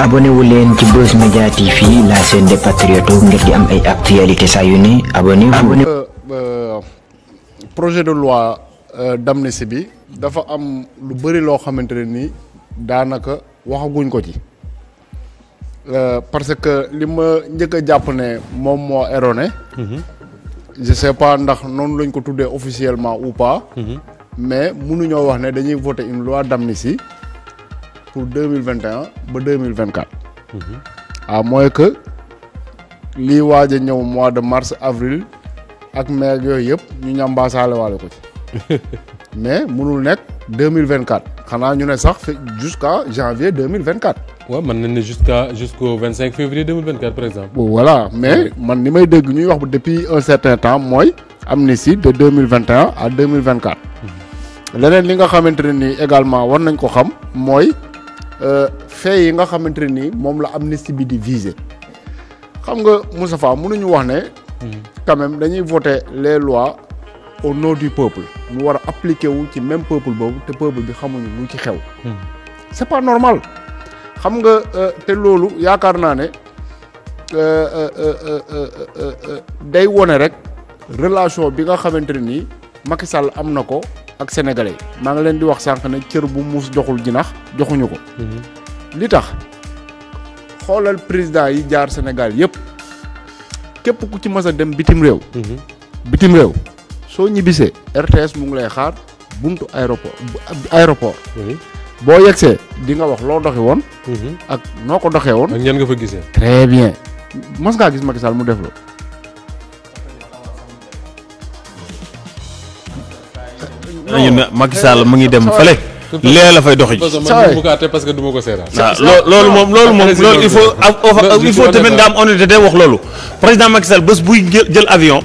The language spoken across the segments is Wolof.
abonné wu leen ci Buzz Media TV la chaîne des patriotes ngir di am ay actualité saa yu ne abonné wu. Euh, euh, projet de loi euh, d'amnistie bi dafa am lu bëri loo xamante ne nii daanaka waxaguñ ko ci parce que li ma njëkk a jàpp ne moom moo erroné. Mhm. je sais pas ndax noonu lañ ko tuddee officiellement ou pas. Mhm. mais mënuñoo wax ne dañuy voter une loi d'amnistie pour deux mille vingt et ba deux mille vingt quatre. Mhm. à que lii waaj a ñëw mois de mars avril ak mai yooyu yëpp ñu ñambaasaale waale ko ci mais mënul nekk deux mille vingt quatre xanaa ñu ne sax fi jusqu'à janvier deux mille vingt quatre. waaw mën nañ ne jusqu'à jusqu'au vingt cinq février deux mille vingt quatre par exemple. voilà mais man ni may dégg ñuy wax depuis un certain temps mooy amnistie de deux mille vingt et un deux mille vingt quatre. Mhm. leneen li nga xamante ne nii également war nañ ko xam mooy. Euh, faits yi nga xamante nii moom la amnistie bi di viser xam nga Moustapha mënuñu wax ne. quand dañuy voter les lois au nom du peuple. ñu war a appliquer wu ci même peuple boobu te peuple bi xamuñu lu ci xew. Hmm. c'est pas normal. xam nga euh, te loolu yaakaar naa ne euh, day wone rek relation bi nga xamante nii Macky Sall am na ko ak sénégalais maa ngi leen di wax sànq ne cër bu muus joxul jinax joxuñu ko. li tax xoolal président yi jaar Sénégal yëpp képp ku ci mës dem bitim réew. bitim réew soo ñibbisee RTS mu ngi lay xaar buntu aéroport aéroport. boo yegsee di nga wax loo doxi woon. Mhm. ak noo ko doxee woon. ak ñan nga fa gisee. très bien mës ngaa gis Macky Sall mu def lo nañu ne Macky Sall mu ngi dem fële. lee la fay dox ji. parce que du ma ko seetaan. Ah, loolu moom loolu moom loolu il faut il faut tamit nga am honnêteté day wax loolu président Macky Sall bés buy jël avion.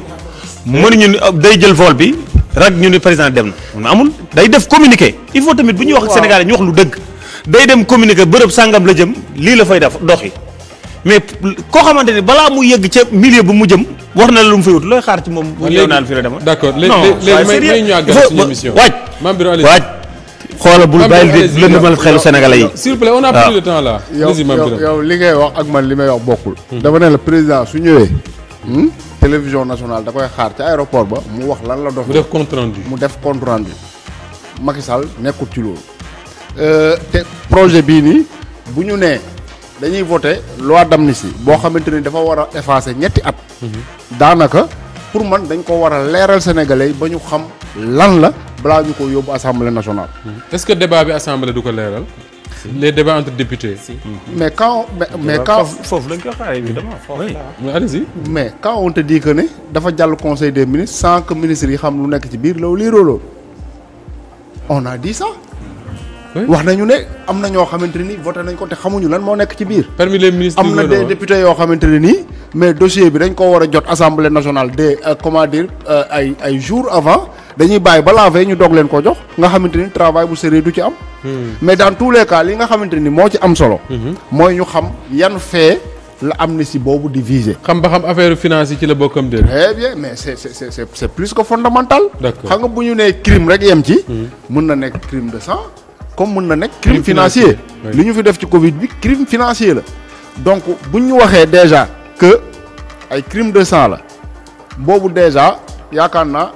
mënuñu ni ah, day jël vol bi rek ñu ni président dem na amul day def communiqué il faut tamit bu ñuy wax ak Sénégalais ñu wax lu dëgg. day dem communiqué bërëb sàngam la jëm lii la fay def doxi mais koo xamante ni balaa mu yëgg ca milieu bu mu jëm wax na la lu mu fay looy xaar ci moom. léegi naan fi la demoon d'accord léegi léegi may ñu àggal suñu émission waaj. Mame Birame waaj. xoolal bul bàyyi di a plus de ah. temps là. li ngay wax ak man li may wax bokkul. Hmm. dama ne président su ñëwee. Hmm, télévision nationale da koy xaar ca aéroport ba mu wax lan la dox. mu def compte mu def compte rendu. Macky Sall nekkut ci loolu. Euh, te projet bii nii bu ñu nee. dañuy voté loi si boo xamante ni dafa war a effacer ñetti at. daanaka pour man dañ ko war a leeral sénégalais ba ñu xam lan la balaa ñu ko yóbbu assemblée nationale. est-ce que débat bi assemblée du ko leeral. les débats entre députés. Si. Mm-hmm. mais quand mais, mais quand foofu lañ ko xaar évidemment oui mais allez mais quand on te dit ne dafa jàll conseil des ministres sans que yi xam lu nekk ci biir loolu lii on a dit wax nañu ne am na ñoo xamante ni voté nañ ko te xamuñu lan moo nekk ci biir. parmi les ministres am na des députés yoo xamante ne nii. mais dossier bi dañ ko war a jot assemblée nationale de euh, comment dire euh, ay ay avant dañuy bàyyi balaa la ñu doog leen ko jox nga xamante ni travail bu sérieux du ci am. Hmm. mais dans tous les li nga xamante ni moo ci am solo. Hmm. mooy ñu xam yan fee. la amnistie boobu di viser. xam ba xam affaire finance ci la bokkam de. très bien mais c' est plus que fondamental. nga bu ñu nee crime rek yem ci. mun hmm. na nekk crime de sang. comme mën na nekk crime financier li ñu fi def ci Covid bi crime financier la donc buñ ñu waxee déjà que ay crime de sang la boobu déjà yaakaar na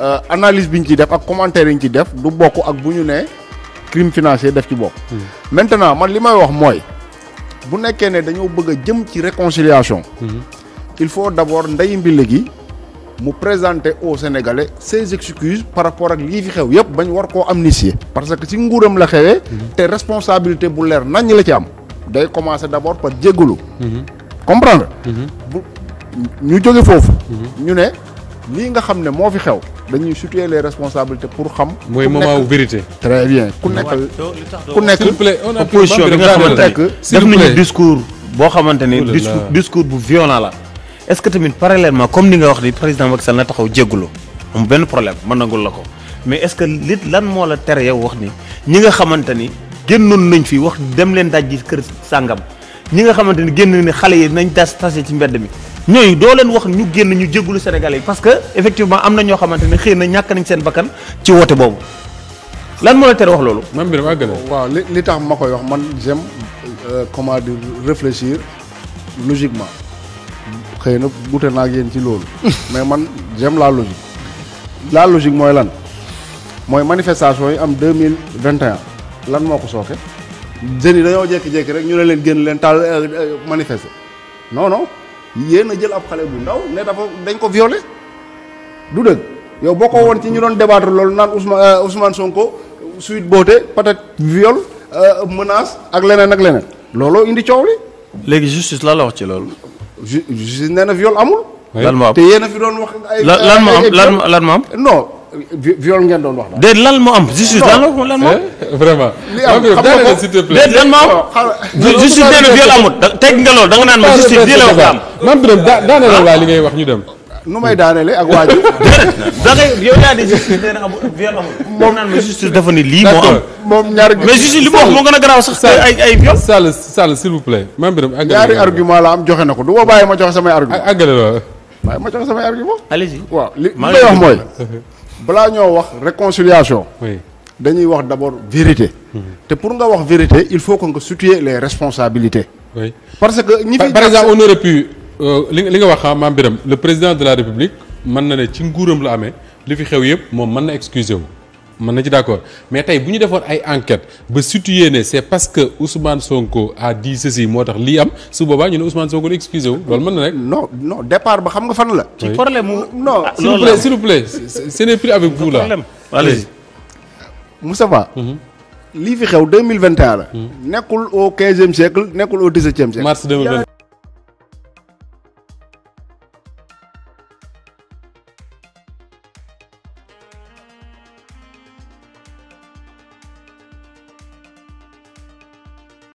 euh, analyse bi ñu ciy def ak commentaire yi ñu ciy def du bokk ak bu ñu nee crime financier def ci bopp hmm. maintenant man li may wax mooy bu nekkee ne dañoo bëgg a jëm ci réconciliation hmm. il faut d'abord ndey mbile gi mu présenter aux Sénégalais ses excuses par rapport ak lii fi xew yëpp bañ war koo am amnistier parce que ci nguuram la xewee te responsabilité bu leer nañ la ci am day commencer d'abord par jéggalu mm-hmm. comprendre mm-hmm. bu ñu jóge foofu mm-hmm. ñu ne lii nga xam ne moo fi xew dañuy situer les responsabilités pour xam. mooy moment wu vérité. très bien ku nekk ku nekk position bi nga xamante ne def nañu discours boo xamante ne oh discours bu violent la. est-ce que tamit parallèlement comme ni nga wax ni président Macky na taxaw jéggulu am benn problème mën nangul la ko mais est-ce que lit lan moo la tere yow wax ni ñi nga xamante ni génnoon nañ fi wax dem leen daj ji kër sàngam ñi nga xamante ni génn ni xale yi nañ tas tase ci mbedd mi ñooyu doo leen wax ñu génn ñu jéggulu Sénégalais yi parce que effectivement am na ñoo xamante ni xëy na ñàkk nañ seen bakkan ci woote boobu lan moo la tere wax loolu. même bi dafa waaw li li tax ma koy wax man j'aime euh, comment dire réfléchir logiquement. xëy na wute naa ak ci loolu. mais man j'aime la logique. la logique mooy lan mooy manifestation yi am deux mille vingt et lan moo ko sooke. jeunes yi dañoo jékki-jékki rek ñu ne leen génn leen taal euh, euh, manifester non non yéen a jël ab xale bu ndaw ne dafa dañ ko viole du dëkk yow boo ko woon ci ñu doon débattre loolu naan Ousmane euh, Ousmane Sonko suite boote peut-être viol menace ak leneen ak leneen looloo indi coow li. léegi justice la la wax ci loolu. ju justice nee na viol amul. lan moo am te yéen a fi doon wax. ay lan moo am lan lan moo am. non viol ngeen doon wax. déedéet lan moo am justice lan la lan moo am. Eh, vraiment. li am xam nga ko s'il te plaît déedéet lan moo am. justice nee teg nga loolu da nga naan ma a lii wax am. maam Birame daaneel li ngay wax ñu dem. nu may daanelee ak waa ji. da ngay yow yaa moom naan ma justice dafa ni lii moo am. moom ñaari mais justice li mu wax moo gën a garaaw sax. ay ay viol Sall Sall s'il vous plaît. maam Birame àggale ñaari argument la am joxe na ko du ma bàyyi ma joxe samay argument. àggale la waaye ma joxe samay argument. li li may wax mooy. balaa ñoo wax réconciliation. dañuy wax d'abord vérité. Mhm. te pour nga wax vérité il faut que nga situer les responsabilité parce que ñi fi. par exemple on Euh, li li nga wax ah maam Biram le président de la république mën na ne ci nguuram la amee li fi xew yëpp moom mën na excuser wu. mën na ci d'accord mais tey bu ñu defoon ay enquête ba situé ne c'est parce que Ousmane Sonko a dit ceci moo tax li am su boobaa ñu ne Ousmane Sonko di excusé wu loolu mën na rek. non non départ ba xam nga fan la. ci problème mu non. Ah, s'il vous plaît s'il vous plaît ce n'est avec vous là. allez Moustapha. Mhm. fi xew 2021 la. Mhm. nekkul au 15e siècle nekkul au 17e siècle. mars 2021.